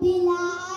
啦。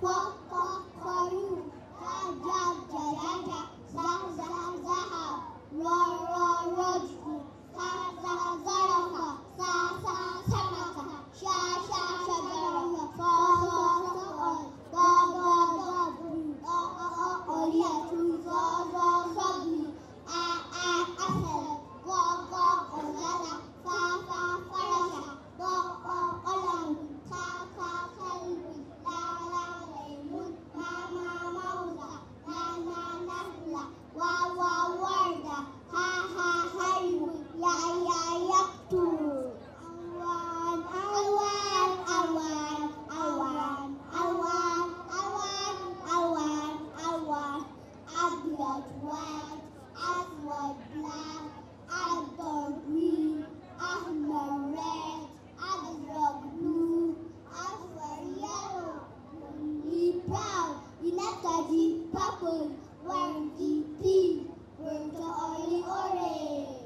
光光。purple, where the pee, where the oily orange.